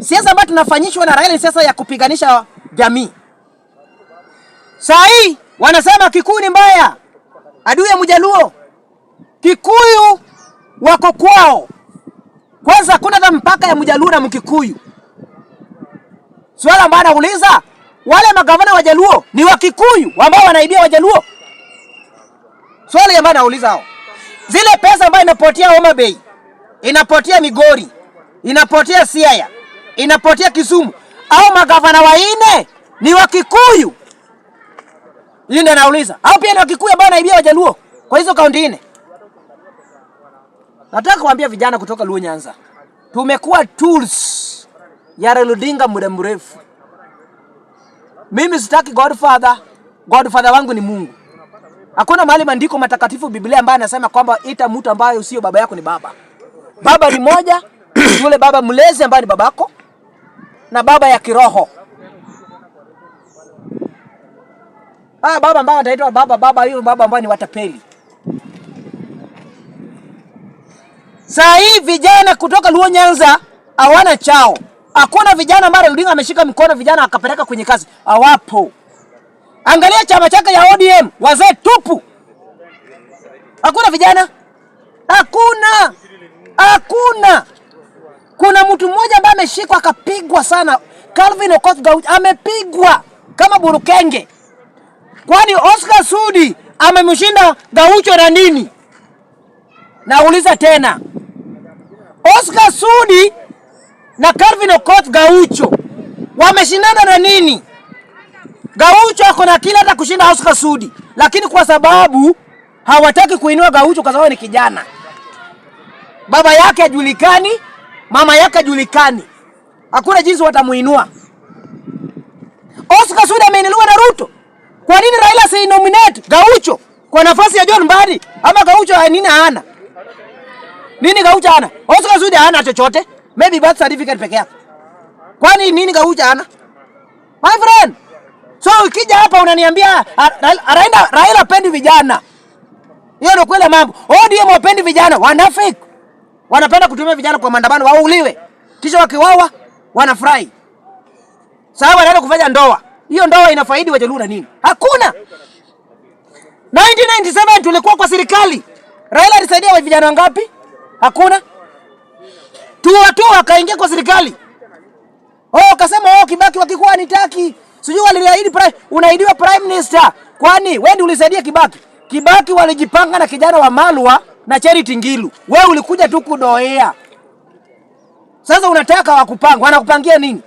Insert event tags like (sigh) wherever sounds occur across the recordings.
Siasa ambayo tunafanyishwa na Raila ni siasa ya kupiganisha jamii. Saa hii wanasema Kikuyu ni mbaya, adui ya Mjaluo. Kikuyu wako kwao kwanza, hakuna hata mpaka ya Mjaluo na Mkikuyu. Swala ambayo anauliza wale magavana wa Jaluo ni wa Kikuyu ambao wanaibia Wajaluo. Swali ambayo anauliza hao, zile pesa ambayo inapotea Homa Bay, inapotea Migori, inapotea Siaya inapotea Kisumu, au magavana waine ni wa Kikuyu? Hiyo ndio nauliza, au pia ni wa Kikuyu ambao naibia Wajaluo kwa hizo kaunti nne? Nataka kuambia vijana kutoka Luo Nyanza, tumekuwa tools ya Raila muda mrefu. Mimi sitaki Godfather, Godfather wangu ni Mungu. Hakuna mahali maandiko matakatifu Biblia ambayo anasema kwamba ita mtu ambaye usio baba yako ni baba. Baba ni moja, (clears throat) yule baba mlezi ambaye ni babako na baba ya kiroho. Ah, baba ambaye ataitwa baba baba hiyo baba ambaye ni watapeli. Saa hii vijana kutoka Luo Nyanza hawana chao. Hakuna vijana mara Odinga ameshika mikono vijana akapeleka kwenye kazi. Hawapo. Angalia chama chake ya ODM, wazee tupu. Hakuna vijana. Hakuna. Hakuna. Kuna mtu mmoja ambaye ameshikwa akapigwa sana, Calvin Okoth Gout amepigwa kama burukenge, kwani Oscar Sudi amemshinda Gaucho na nini? Nauliza tena, Oscar Sudi na Calvin Okoth Gaucho wameshindana na nini? Gaucho ako na kila hata kushinda Oscar Sudi, lakini kwa sababu hawataki kuinua Gaucho kwa sababu ni kijana, baba yake hajulikani mama yake julikani, hakuna jinsi watamuinua. Oscar Sudi ameinuliwa na Ruto, kwa nini Raila si nominate Gaucho kwa nafasi ya John Mbadi? Ama Gaucho nini hana nini? Gaucho hana, Oscar Sudi hana chochote, maybe birth certificate peke yake. Kwani nini Gaucho hana? My friend, so ukija hapa unaniambia Raila pendi vijana, hiyo ndio kweli mambo. ODM wapendi vijana, wanafiki wanapenda kutumia vijana kwa maandamano wauliwe, kisha wakiwawa wanafurahi. sababu anaenda kufanya ndoa. Hiyo ndoa inafaidi Wajaluo na nini? Hakuna. 1997 tulikuwa kwa serikali. Raila alisaidia wa vijana wangapi? Hakuna. Tua tu wakaingia kwa serikali. Oh, kasema oh, Kibaki wakikuwa nitaki. Sijui waliahidi prime, unaahidiwa prime minister. Kwani wewe ndio ulisaidia Kibaki? Kibaki walijipanga na kijana wa Malwa na Charity Ngilu. Wewe ulikuja tu kudoea, sasa unataka wakupanga, wanakupangia nini?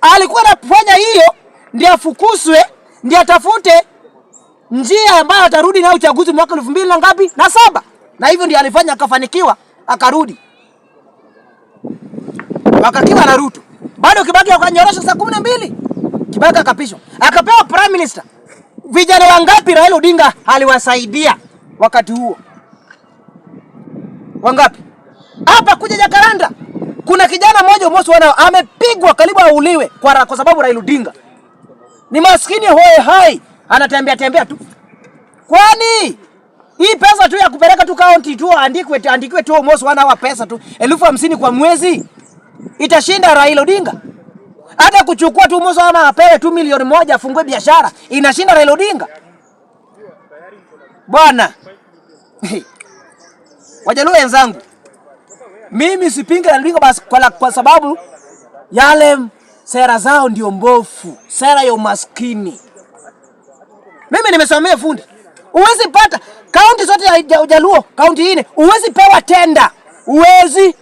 Alikuwa anafanya hiyo ndio afukuswe, ndio atafute njia ambayo atarudi nayo uchaguzi mwaka elfu mbili na ngapi na saba, na hivyo ndio alifanya akafanikiwa, akarudi wakakiwa na Ruto bado Kibaki akanyorosha saa kumi na mbili Kibaki akapishwa akapewa prime minister. Vijana wangapi Raila Odinga aliwasaidia wakati huo? Wangapi? Hapa kuja Jakaranda kuna kijana mmoja umosi wanao amepigwa karibu auliwe kwa, kwa sababu Raila Odinga ni maskini hoe hai anatembea tembea tu. Kwani hii pesa tu ya kupeleka tu kaunti tu andikwe andikiwe tu umosi wana wa pesa tu elfu hamsini kwa mwezi itashinda Raila Odinga? Hata kuchukua tu umosi wana apewe tu milioni moja afungue biashara inashinda Raila Odinga bwana (laughs) Wajaluo wenzangu, mimi sipinge Nalinga basi kwa, kwa sababu yale sera zao ndio mbofu, sera ya umaskini. Mimi nimesomea fundi, uwezi pata kaunti zote ya Ujaluo, kaunti ine uwezi pewa tenda, uwezi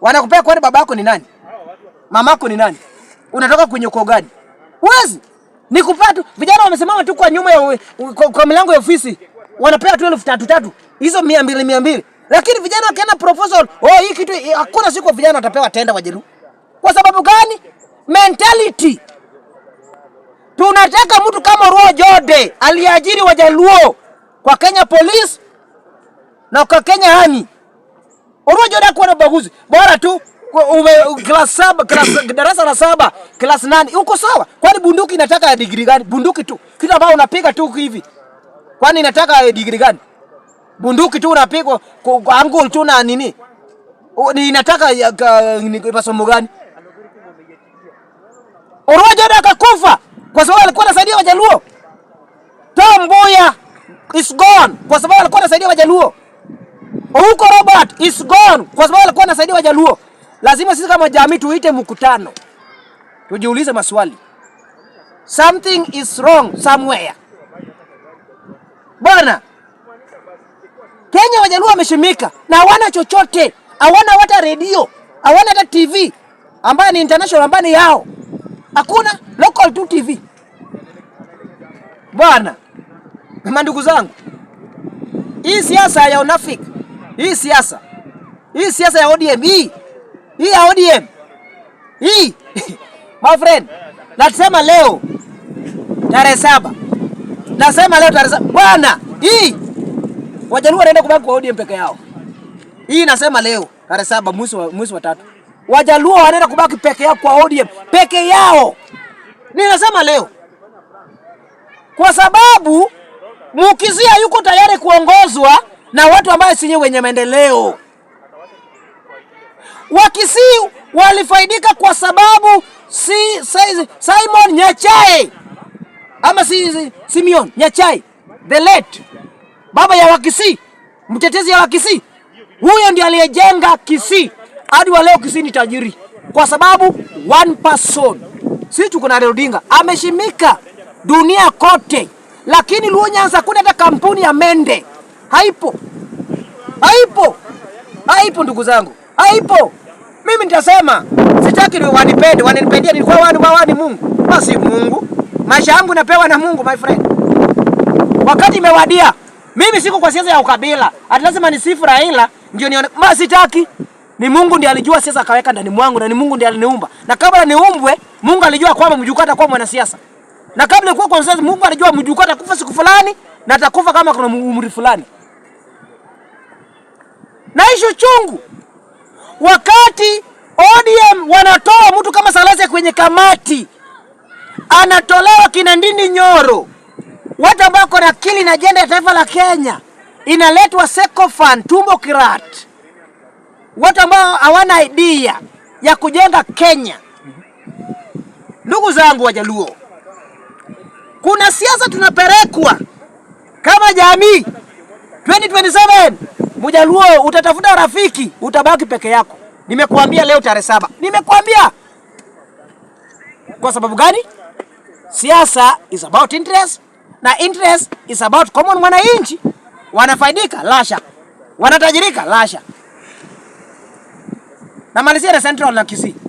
wanakupea kwani babako ni nani, mamako ni nani, unatoka kwenye ukoo gani? Uwezi ni kupata. Vijana wamesimama tu kwa nyuma ya kwa milango ya ofisi wanapewa tu elfu tatu tatu, hizo mia mbili mia mbili lakini vijana wakienda proposal, oh, hii kitu eh, hakuna siku vijana watapewa tenda Wajaluo. Kwa sababu gani? Mentality. Tunataka mtu kama Roh Jode aliajiri Wajaluo kwa Kenya Police na kwa Kenya Army. Roh Jode hakuwa na baguzi. Bora tu ume class saba, class darasa la saba, class nane. Uko sawa? Kwani bunduki inataka degree gani? Bunduki tu. Kitu ambao unapiga tu hivi. Kwani inataka degree gani? bunduki tu unapigwa angul tu na nini, inataka masomo gani? Orojo akakufa kwa sababu alikuwa anasaidia Wajaluo. Tom Mboya is gone kwa sababu alikuwa anasaidia Wajaluo. Huko Robert is gone kwa sababu alikuwa anasaidia Wajaluo. Lazima sisi kama jamii tuite mkutano, tujiulize maswali, something is wrong somewhere bwana. Kenya Wajaluo wameshimika na hawana chochote, hawana hata redio, hawana hata TV ambayo ni international, ambayo ni yao, hakuna local tu TV bwana. Mandugu zangu, hii siasa ya unafiki, hii siasa hii siasa ya ODM hii hii ya ODM hii (laughs) my friend, nasema leo tarehe saba, nasema leo tarehe saba bwana hii Wajaluo wanaenda kubaki kwa ODM peke yao. Hii nasema leo tarehe saba mwezi wa mwezi wa tatu. Wajaluo wanaenda kubaki peke yao kwa ODM peke yao. Ninasema leo. Kwa sababu Mukizia yuko tayari kuongozwa na watu ambao sinye wenye maendeleo. Wakisii walifaidika kwa sababu si, si Simon Nyachai ama si, si Simeon Nyachai the late baba ya Wakisii, mtetezi ya Wakisii. Huyo ndiye aliyejenga Kisii hadi wa leo. Kisii ni tajiri kwa sababu one person, Sisi tuko na Odinga, ameshimika dunia kote, lakini Luo Nyanza kuna hata kampuni ya mende haipo, haipo, haipo ndugu zangu, haipo. Mimi nitasema sitaki wanipende, ni kwa wani mawani Mungu basi Mungu, maisha yangu napewa na Mungu my friend, wakati imewadia. Mimi siko kwa siasa ya ukabila. Ati lazima sifu Raila ndio nione ma sitaki. Ni Mungu ndiye alijua siasa akaweka ndani mwangu na ni Mungu ndiye aliniumba. Na kabla niumbwe, Mungu alijua kwamba mjukuu atakuwa mwanasiasa. Na kabla kuwa kwa siasa, Mungu alijua mjukuu atakufa siku fulani na atakufa kama kuna umri fulani. Na ishu chungu. Wakati ODM wanatoa mtu kama Salase kwenye kamati, anatolewa kina Ndindi Nyoro watu ambao wako na akili na ajenda ya taifa la Kenya inaletwa sekofan tumbo kirat, watu ambao hawana idea ya kujenga Kenya. Ndugu zangu Wajaluo, kuna siasa tunaperekwa kama jamii. 2027 Mjaluo utatafuta rafiki, utabaki peke yako. Nimekuambia leo tarehe saba, nimekuambia kwa sababu gani? Siasa is about interest na interest is about common mwananchi. Wanafaidika lasha, wanatajirika lasha. Namalizia na Central na Kisii.